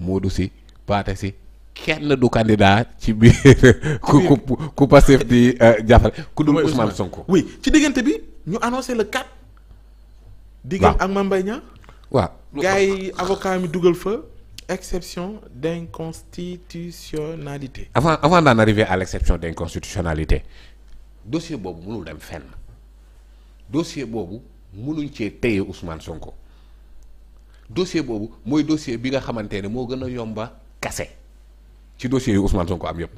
Modou si Paate si kenn du candidat ci biir ku ku ku Pastef di euh, jàppale ku dul Ousmane Sonko. oui ci diggante bi ñu annoncé le 4. diggam ak Mame Mbaye Niang. waaw gars yi avocat mi dugal fa. exception d'inconstitutionnalité. avant avant d'en arriver à l'exception d'inconstitutionnalité dossier boobu mënul dem fenn dossier boobu mënuñ cee téye Ousmane Sonko. dossier boobu mooy dossier bi nga xamante ne moo gën a yomba kase ci dossier yu Ousmane ko am yëpp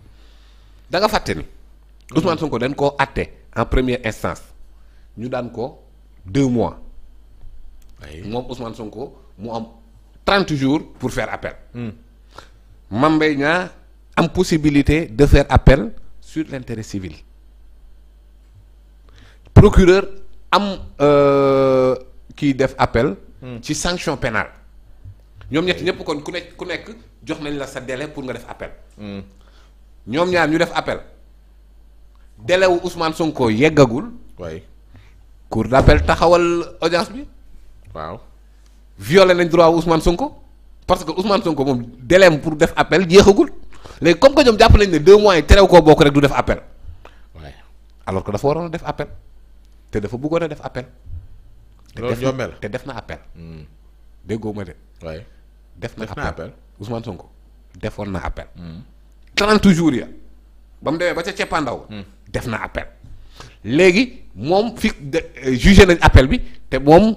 da nga fàtte ni mm-hmm. Ousmane Sonko dañ koo atte en première instance ñu daan ko deux mois moom Ousmane ko mu am trente jours pour fair appel mm. Mame Mbaye Niang am possibilité de faire appel sur l'intérêt civil procureur am euh, kii def appel Hmm. ci sanction pénale ñoom ñett ñëpp kon ku nekk ku nekk jox nañ la sa délai pour nga def appel. Hmm. ñoom ñaar ñu def appel délai wu Ousmane Sonko yeggagul. waaye cour d'appel taxawal audience bi. waaw violé nañ droit wu Ousmane Sonko parce que Ousmane Sonko moom délai pour def appel jeexagul léegi comme que ñoom jàpp nañ ne deux mois yi terew koo bokk rek du def appel. waaye alors que dafa waroon a def appel te dafa buggoon a def appel. loolu yombé te def na appel. Hmm. déggoo ma de. waaye def na appel Ousmane Sonko defoon na appel. 30 hmm. jours ya ba mu demee ba ca ceppaandaw. Hmm. def na appel. léegi moom fi euh, jugé nañ appel bi te moom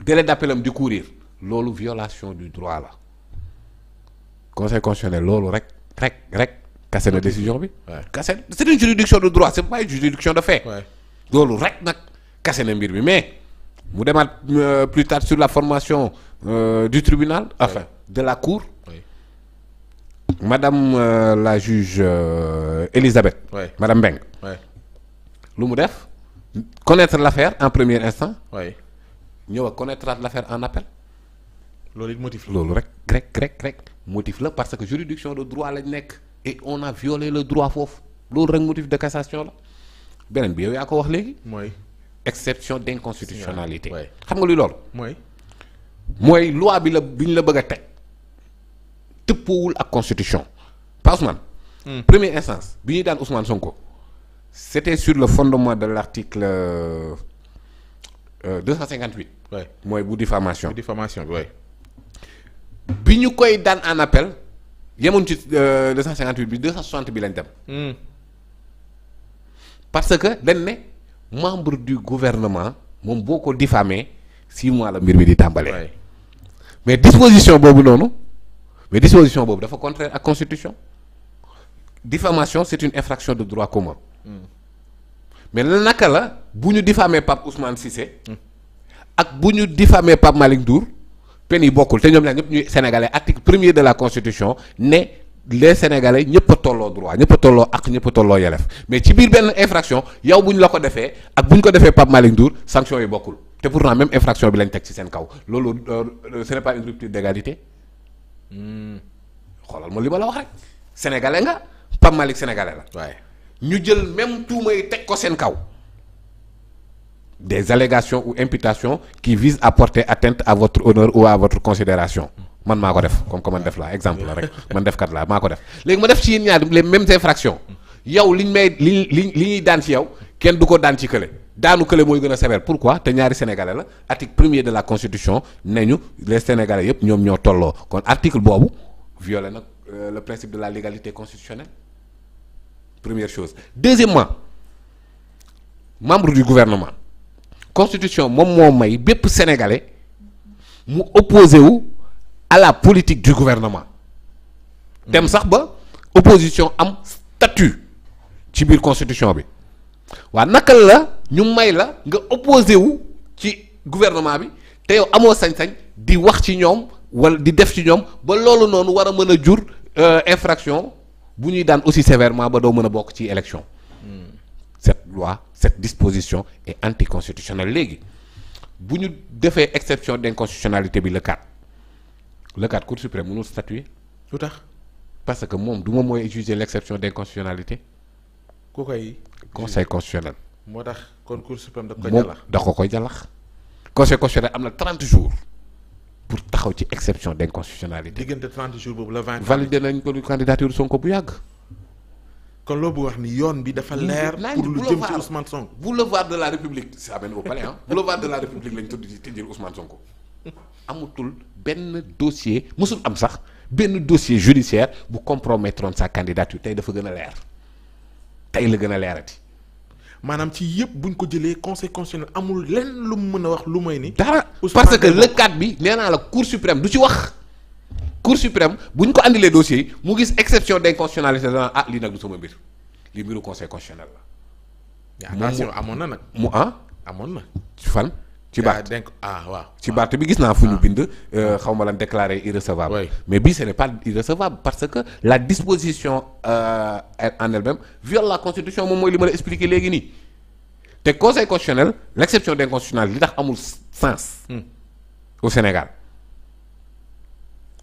délai d' appel di courir loolu violation du droit la conseil constitutionnel loolu rek rek rek kase na décision bi. waaw kase c' est une juridiction de droit c' est pas juridiction de fait. loolu rek nag kase na mbir bi mais. mu demaat euh, plus tard sur la formation euh, du tribunal enfin oui. de la cour oui. madame euh, la juge euh, Elisabeth oui. madame lu mu def connaître l'affaire en premier instant ñëwa a connaître l'affaire en appel loolu it motif la loolu rek rek rek rek motif la parce que juridiction de droit lañ nekk et on a violé le droit foofu loolu rek motif de cassation la beneen bi yow yaa ko wax léegi exception d'inconstitutionnalité. xam nga luy loolu. mooy mooy loi bi la bi ñu la bëgg a teg tëppoowul ak constitution pas Ousmane. Mm. instance bi ñuy daan Ousmane Sonko. c'était sur le fondement de l'article euh, 258. mooy bu diffamation bu diffamation bi waay. ñu koy daan en appel yemoon ci 258 euh, bi bi lañ dem. Hmm. parce que dañ ne. membre du gouvernement moom boo ko diffamé six mois la mbir mi di tàmbalee. mais disposition boobu noonu mais disposition boobu dafa contraire ak constitution diffamation c'est une infraction de droit commun hmm. mais la naka la bu ñu diffamé Pape Ousmane Cissé hmm. ak bu ñu diffamé Pape Malick Ndour peine yi bokkul te ñoom ñaar ñëpp ñuy sénégalais article premier de la constitution ne les sénégalais ñëpp tolloo droit ñëpp tolloo ak ñëpp a tolloo yelef mais ci biir benn infraction yow bu la ko defee ak bu ko defee Pape Malick Ndour sanction yi bokkul te pourtant même infraction bi lañ teg ci seen kaw loolu euh, euh, ce n'est pas une rupture d'égalité hmm. xoolal ma li ma la wax rek sénégalais nga Pape Malick sénégalais la. waaye ñu jël même tuuma yi teg ko seen kaw. des allégations ou imputations qui visent à porter atteinte à votre honneur ou à votre considération man maa ko def comme que man def laa exemple la rek man def kat laa maa ko def léegi ma def ci yéen ñaar les mêmes infractions yow liñ may li li li ñuy daan ci yow kenn du ko daan ci kële daanu kële mooy gën a sévère pourquoi te ñaari sénégalais la article premier de la constitution ne ñu les sénégalais yëpp ñoom ñoo tolloo kon article boobu violé nag euh, le principe de la légalité constitutionnelle première chose deuxièmement membre du gouvernement constitution moom moo may bépp sénégalais mu opposé wu à politique du gouvernement dem sax ba opposition am statut ci biir constitution bi waa naka la ñu may la nga opposé wu ci gouvernement bi te yow amoo sañ-sañ di wax ci ñoom wala di def ci ñoom ba loolu noonu war a mën a jur euh, infraction bu ñuy daan aussi sévèrement ba doo mën a bokk ci élection cette loi cette disposition est anticonstitutionnelle léegi bu ñu defee exception d'inconstitutionnalité bi le 4 le 4 cour suprême mënul statuer lu tax parce que moom du moom mooy juger l'exception d'inconstitutionnalité koo koy conseil constitutionnel moo tax kon cour suprême da ko jàllax da ko koy jàllax conseil constitutionnel am na 30 jour pour taxaw ci exception d'inconstitutionnalité diggante 30 jours boobu la 20 validé nañ ko candidature ko bu yàgg kon loo bu wax ni yoon bi dafa leer pour lu jëm ci Ousmane Sonko boulevard de la République ça amène au palais de la République lañ tudd ci tëjël amatul benn dossier mosul am sax benn dossier judiciaire bu compromettroon sa candidature tey dafa gën a leer tey la gën a leerati. maanaam ci yëpp buñ ko jëlee conseil constitutionnel amul lenn lu mu mën a wax lu may ni. dara parce que le bi nee naa la cour suprême du ci wax. cour suprême buñ ko indilee dossier yi mu gis exception d'inconstitutionnalité dana ah lii nag du sama mbir lii mbiru conseil constitutionnel la. moom amoon na nag. mu ah amoon na. fan. ci baat denk ah ci baat bi gis naa fu ñu ah. bind euh, ah. xaw ma lan déclaré irrecevable mais bii ce n'est pas irrecevable parce que la disposition euh, en elle-même viole la constitution moom mooy li ma la expliquer léegi nii te conseil constitutionnel l'exception d'inconstitutionnalité li tax amul sens mm. au Sénégal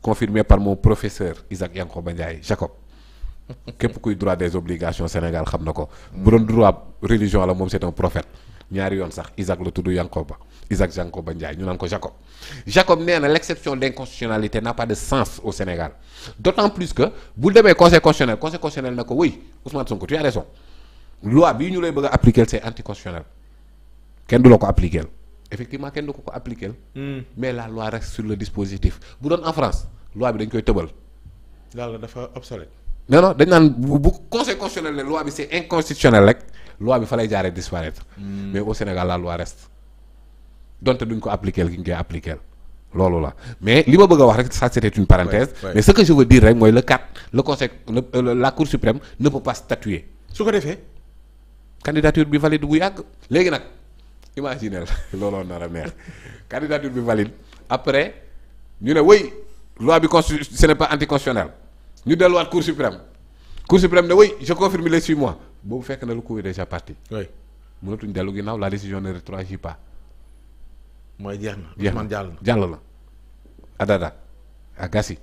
confirmé par mon professeur Isaac Yankoba Ndiaye Jacob képp kuy droit des obligations Sénégal xam na ko bu doon droit religion la moom c'est un ñaari yoon sax Isaac la tudd Yankoba Isaac Jankoba Ndiaye ñu naan ko Jacob Jacob nee na l' exception d' inconstitutionnalité n'a pas de sens au Sénégal d' plus que bu demee conseil constitutionnel conseil constitutionnel na ko oui Ousmane Sonko ñu lay bëgg a appliquer c' est anticonstitutionnel kenn du la ko appliquer effectivement kenn du ko ko appliquer. Hmm. mais la loi reste sur le dispositif bu doon en France loi bi dañ koy tëbal. daal dafa obsolète. non dañ naan bu conseil constitutionnel ne loi bi c' est rek loi bi fa lay jaaree disparaître. Hmm. mais au Sénégal la loi donte duñ ko appliquer ki ñu koy appliquer loolu la mais li ma bëgg a wax rek ça c'était une parenthèse ouais, ouais. mais ce que je veux dire rek mooy le 4 le conseil euh, le, la cour suprême ne peut statuer su ko defee candidature bi valide bu yàgg léegi nag imaginel looloo nar a neex candidature bi valide après ñu ne wëy loi bi constitu ce n'est pas anticonstitutionnel ñu delluwaat cour suprême cour suprême ne wëy je confirme les six boobu fekk na le coup est déjà parti oui mënatuñ la décision ne rétroagit pas mooy jeex na Ousmane jàll na jàll na Adada Agassi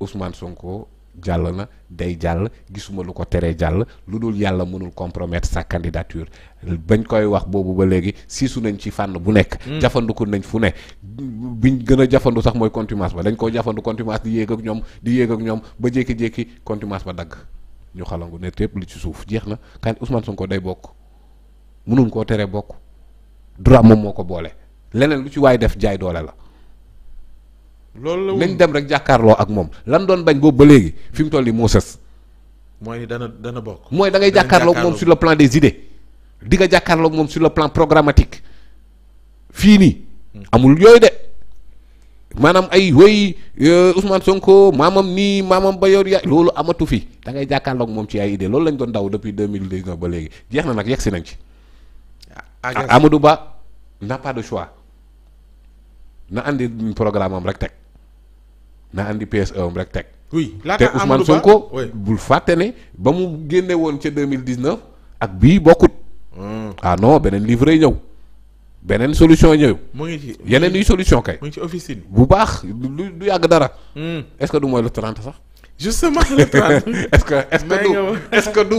Ousmane Sonko jàll na day jàll gisuma lu ko teree jàll lu dul yàlla mënul compromettre sa candidature bañ koy wax boobu ba léegi siisu nañ ci fànn bu nekk. Hmm. jafanduku nañ fu ne. biñ gën a jafandu sax mooy contimence ba dañ ko jafandu contumace yéeg ak ñoom di yéeg ak ñoom ba jékki-jékki contumace ba dagg ñu xalangu ne tépp li ci suuf jeex na kan Ousmane Sonko day bokk mënul koo teree bokk droit moom moo ko boole. leneen lu ci waay def jaay doole la. loolu la nañ dem rek jàkkaarloo ak moom lan doon bañ boobu ba léegi fi mu toll nii moo sës. mooy dana dana bokk. mooy da ngay jàkkaarloo moom sur le plan des idées. di nga jàkkaarloo moom sur le plan programmatique. fii nii. Hmm. amul yooyu de. maanaam ay woy euh, Ousmane Sonko maamam nii maamam ba yor yaay loolu amatu fi da ngay moom ci ay idée loolu lañ doon daw depuis deux mille dix-neuf ba léegi jeex na nag yegg nañ ci. Ah, ah, amatu Ba n'a pas de choix. na andi programme am rek teg na andi PSE am rek teg. oui laata te Ousmane Sonko bul fàtte ne ba mu génne woon ca deux mille dix neuf ak bii bokkut. Hmm. ah non beneen livre yi ñëw. beneen solution ñëw. mu ngi ci yeneen yi solution kay. ci officine bu baax du du yàgg dara. Hmm. est-ce du mooy le 30 sax. justement le ce que est